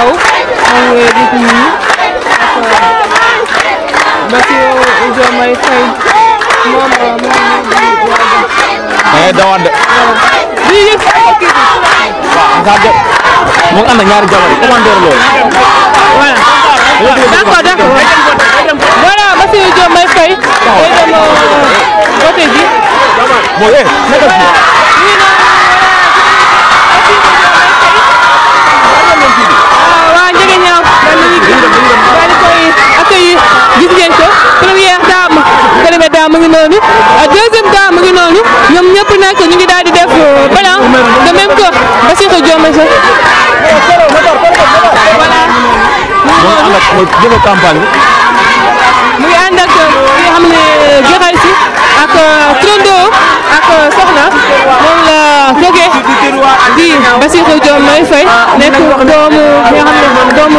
Sow moom ngay gis nii Bassirou Diomaye eh, Faye moom moom mooy. da ngay dawaan de. lii yëpp sama kii bi. waaw nga jël moom am na ñaari jabar commandeur loolu. voilà d'accord d'accord voilà Bassirou Diomaye Faye. day dem voté ji. mooy eh nekkal fii. ñoom ñëpp nag ñu ngi daal def blanc euh, de même que Bassirou Diomaye Faye. voilà. mooy jëmee campagne bi. mu ngi ànd ak li nga euh, ak euh, Trondo ak Soxna moom la jógee di Bassirou Diomaye Faye nekk doomu bi nga xam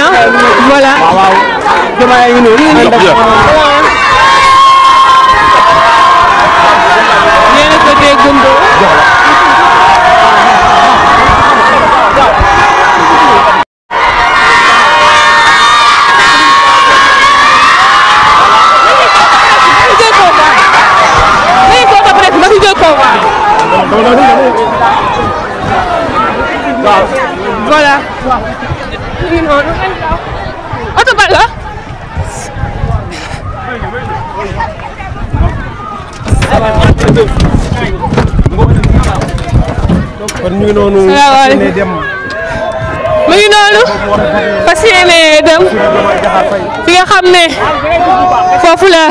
ah, voilà. waaw voilà waaw oh, ñu noonu oto ba la kon ñu ngi noonu asalaamaaleykum dem mu ngi noonu fas yéene dem fi nga xam ne foofu la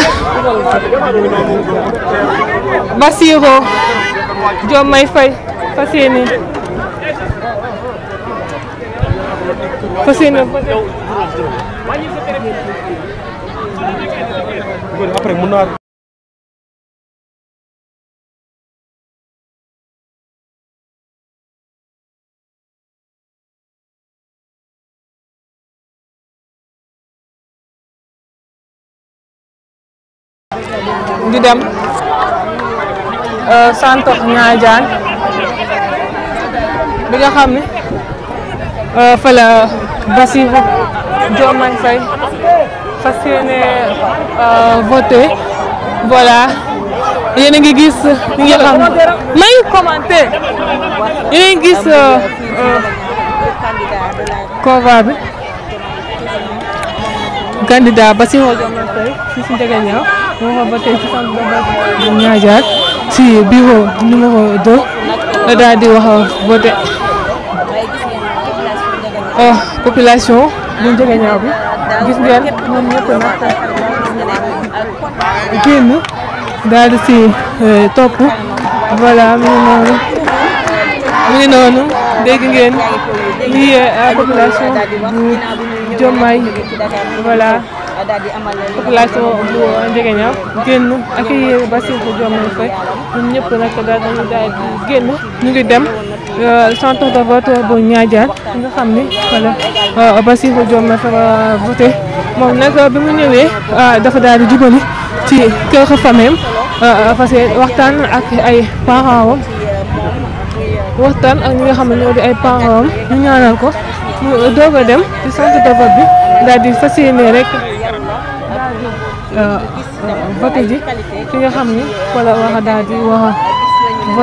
Bassirou Diom may fay fas yéene fas yéene après mun naa di Euh, Santox Niadiane bi nga xam ne euh, fële Bassirou Diomaye Faye fas yéene euh, voté ngi gis ñi nga xam may commenté yéen ngi gis convoi bi candidat Bassirou Diomaye Faye si si Ndiaganiao moo fa ci centre de vote bu Niadiane ci bureau numéro 2 la daal di wax voté oh ah, population bu jege ñaaw bi gis ngeen ñoom ñëpp nag génn daal di eh, topp voilà mu ngi noonu mu ngi noonu dégg ngeen lii ah, population bu Diomaye voilà. daal di amal population bu Ndieguèniao génn ak yéen Bassirou Diomaye Faye ñun ñëpp nag daal dañu daal génn ñu ngi dem centre de vote bu Niadiane nga xam ni wala euh, Bassirou Diomaye Faye voté moom nag euh, bi mu ñëwee euh, dafa daal di jubali ci kër famem parce que waxtaan ak ay parents waxtaan ak nga xam ne ñoo di ay parents ñu ñaanal ko mu doog a dem ci centre de vote bi daal di fas rek Euh, euh, voté ji ki nga xam ni wala wax daal di